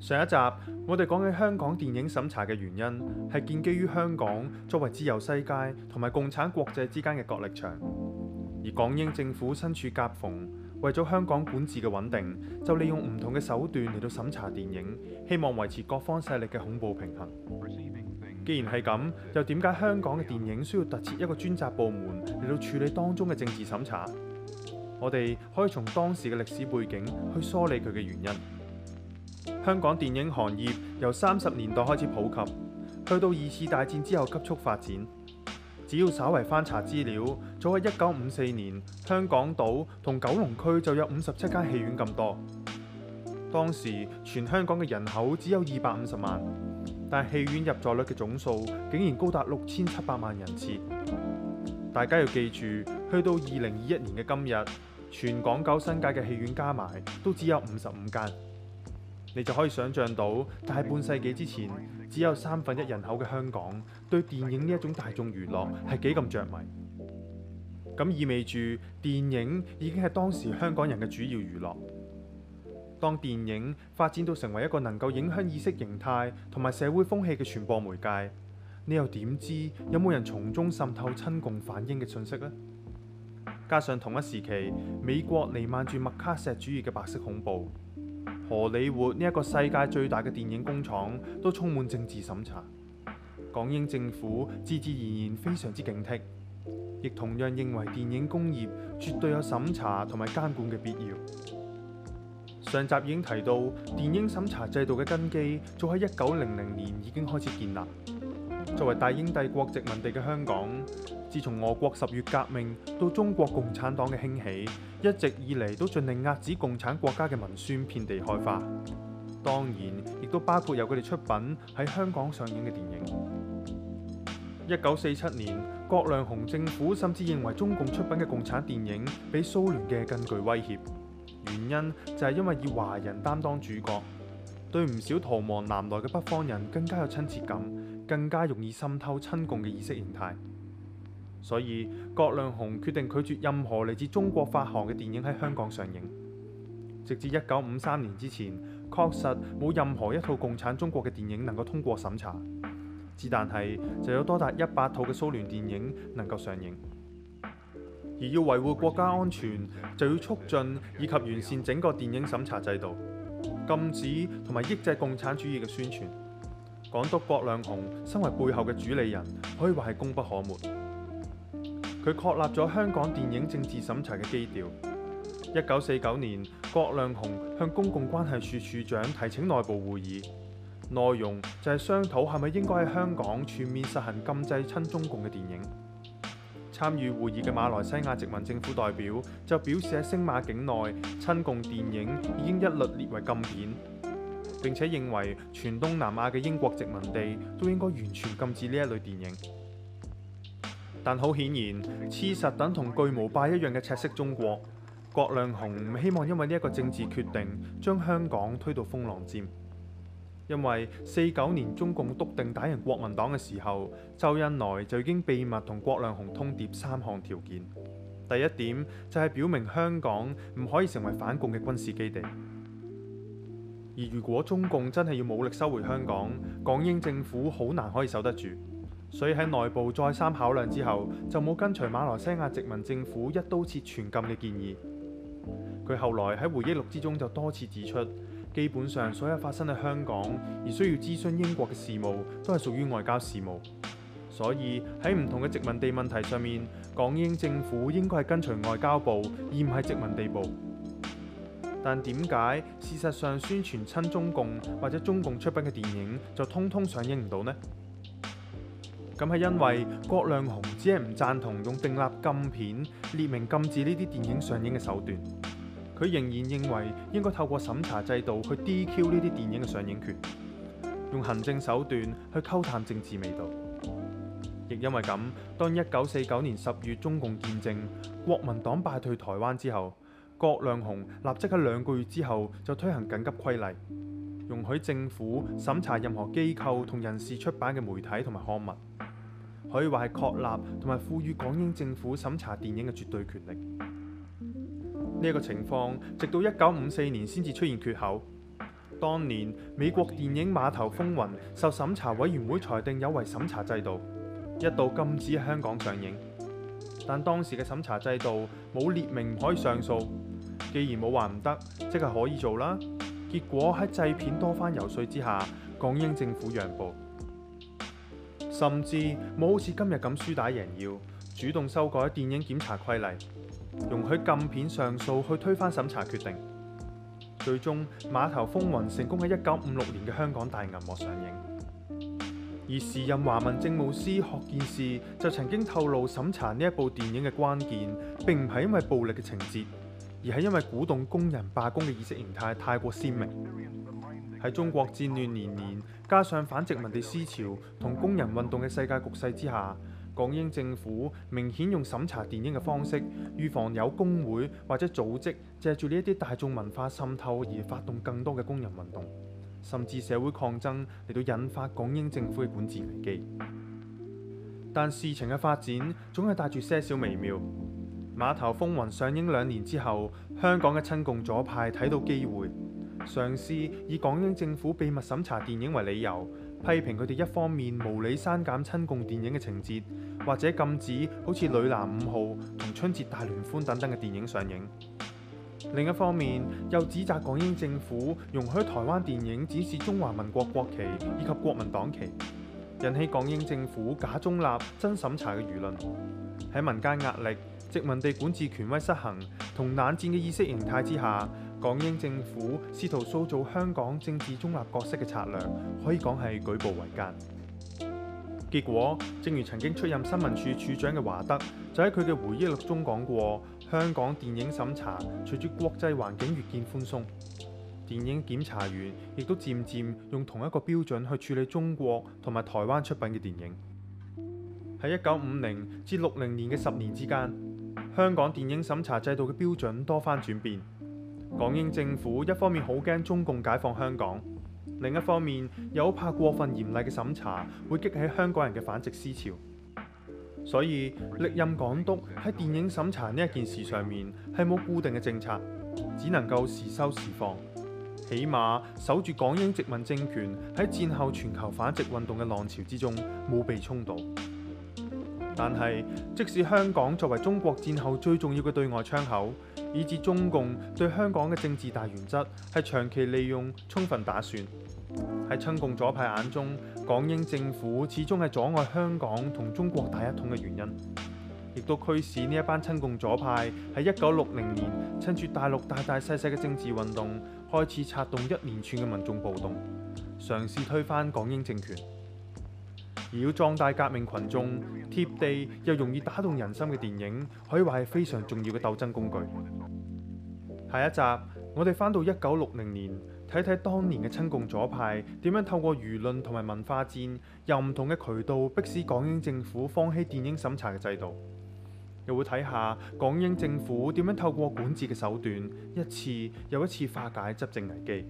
上一集，我哋講嘅香港電影審查嘅原因，係建基於香港作為自由世界同埋共產國際之間嘅角力場，而港英政府身處夾縫。為咗香港管治嘅穩定，就利用唔同嘅手段嚟到審查電影，希望維持各方勢力嘅恐怖平衡。既然係咁，又點解香港嘅電影需要特設一個專責部門嚟到處理當中嘅政治審查？我哋可以從當時嘅歷史背景去梳理佢嘅原因。香港電影行業由三十年代開始普及，去到二次大戰之後急速發展。只要稍為翻查資料，早喺一九五四年，香港島同九龍區就有五十七間戲院咁多。當時全香港嘅人口只有二百五十萬，但係戲院入座率嘅總數竟然高達六千七百萬人次。大家要記住，去到二零二一年嘅今日，全港九新界嘅戲院加埋都只有五十五間。你就可以想像到，大半世紀之前只有三分一人口嘅香港，對電影呢一種大眾娛樂係幾咁着迷。咁意味住電影已經係當時香港人嘅主要娛樂。當電影發展到成為一個能夠影響意識形態同埋社會風氣嘅傳播媒介，你又點知有冇人從中滲透親共反英嘅信息呢？加上同一時期美國瀰漫住麥卡錫主義嘅白色恐怖。荷里活呢一個世界最大嘅電影工廠都充滿政治審查，港英政府自自然然非常之警惕，亦同樣認為電影工業絕對有審查同埋監管嘅必要。上集已經提到，電影審查制度嘅根基早喺一九零零年已經開始建立。作為大英帝國殖民地嘅香港，自從俄國十月革命到中國共產黨嘅興起，一直以嚟都盡力壓止共產國家嘅文宣遍地開花。當然，亦都包括有佢哋出品喺香港上映嘅電影。一九四七年，葛量洪政府甚至認為中共出品嘅共產電影比蘇聯嘅更具威脅。原因就係因為以華人擔當主角，對唔少逃亡南來嘅北方人更加有親切感。更加容易滲透親共嘅意識形態，所以葛量洪決定拒絕任何嚟自中國發行嘅電影喺香港上映。直至一九五三年之前，確實冇任何一套共產中國嘅電影能夠通過審查，只但係就有多達一百套嘅蘇聯電影能夠上映。而要維護國家安全，就要促進以及完善整個電影審查制度，禁止同埋抑制共產主義嘅宣傳。港督葛量洪身為背後嘅主理人，可以話係功不可沒。佢確立咗香港電影政治審查嘅基調。一九四九年，葛量洪向公共關係處處長提請內部會議，內容就係商討係咪應該喺香港全面實行禁制親中共嘅電影。參與會議嘅馬來西亞殖民政府代表就表示，喺星馬境內親共電影已經一律列為禁片。並且認為全東南亞嘅英國殖民地都應該完全禁止呢一類電影。但好顯然，黐實等同巨無霸一樣嘅赤色中國，葛量洪唔希望因為呢一個政治決定，將香港推到風浪尖。因為四九年中共篤定打贏國民黨嘅時候，周恩來就已經秘密同葛量洪通牒三項條件。第一點就係表明香港唔可以成為反共嘅軍事基地。而如果中共真係要武力收回香港，港英政府好難可以守得住，所以喺內部再三考量之後，就冇跟隨馬來西亞殖民政府一刀切全禁嘅建議。佢後來喺回憶錄之中就多次指出，基本上所有發生喺香港而需要諮詢英國嘅事務，都係屬於外交事務，所以喺唔同嘅殖民地問題上面，港英政府應該係跟隨外交部，而唔係殖民地部。但點解事實上宣傳親中共或者中共出品嘅電影就通通上映唔到呢？咁係因為葛量洪只係唔贊同用定立禁片、列明禁止呢啲電影上映嘅手段，佢仍然認為應該透過審查制度去 DQ 呢啲電影嘅上映權，用行政手段去溝淡政治味道。亦因為咁，當一九四九年十月中共建政，國民黨敗退台灣之後。葛量洪立即喺兩個月之後就推行緊急規例，容許政府審查任何機構同人士出版嘅媒體同埋刊物，可以話係確立同埋賦予港英政府審查電影嘅絕對權力。呢一個情況直到一九五四年先至出現缺口。當年美國電影《碼頭風雲》受審查委員會裁定有違審查制度，一度禁止香港上映，但當時嘅審查制度冇列明可以上訴。既然冇話唔得，即係可以做啦。結果喺製片多番游說之下，港英政府讓步，甚至冇好似今日咁輸打贏要主動修改電影檢查規例，容許禁片上訴去推翻審查決定。最終，《碼頭風雲》成功喺一九五六年嘅香港大銀幕上映。而時任華民政務司學建士就曾經透露，審查呢一部電影嘅關鍵並唔係因為暴力嘅情節。而係因為鼓動工人罷工嘅意識形態太過鮮明，喺中國戰亂連年，年，加上反殖民地思潮同工人運動嘅世界局勢之下，港英政府明顯用審查電影嘅方式，預防有工會或者組織借住呢一啲大眾文化滲透而發動更多嘅工人運動，甚至社會抗爭，嚟到引發港英政府嘅管治危機。但事情嘅發展總係帶住些少微妙。《碼頭風雲》上映兩年之後，香港嘅親共左派睇到機會，嘗試以港英政府秘密審查電影為理由，批評佢哋一方面無理刪減親共電影嘅情節，或者禁止好似《女男五號》同《春節大聯歡》等等嘅電影上映；另一方面又指責港英政府容許台灣電影展示中華民國國旗以及國民黨旗。引起港英政府假中立、真審查嘅輿論，喺民間壓力、殖民地管治權威失衡同冷戰嘅意識形態之下，港英政府試圖塑造香港政治中立角色嘅策略，可以講係舉步維艱。結果，正如曾經出任新聞處處,處長嘅華德，就喺佢嘅回憶錄中講過，香港電影審查隨住國際環境越見寬鬆。電影檢查員亦都漸漸用同一個標準去處理中國同埋台灣出品嘅電影。喺一九五零至六零年嘅十年之間，香港電影審查制度嘅標準多番轉變。港英政府一方面好驚中共解放香港，另一方面又好怕過分嚴厲嘅審查會激起香港人嘅反殖思潮，所以歷任港督喺電影審查呢一件事上面係冇固定嘅政策，只能夠時收時放。起碼守住港英殖民政權喺戰後全球反殖運動嘅浪潮之中冇被沖倒，但係即使香港作為中國戰後最重要嘅對外窗口，以致中共對香港嘅政治大原則係長期利用、充分打算。喺親共左派眼中，港英政府始終係阻礙香港同中國大一統嘅原因。亦都驅使呢一班親共左派喺一九六零年趁住大陸大大細細嘅政治運動，開始策動一連串嘅民眾暴動，嘗試推翻港英政權。而要壯大革命群眾，貼地又容易打動人心嘅電影，可以話係非常重要嘅鬥爭工具。下一集我哋翻到一九六零年，睇睇當年嘅親共左派點樣透過輿論同埋文化戰，由唔同嘅渠道迫使港英政府放棄電影審查嘅制度。又會睇下港英政府點樣透過管治嘅手段，一次又一次化解執政危機。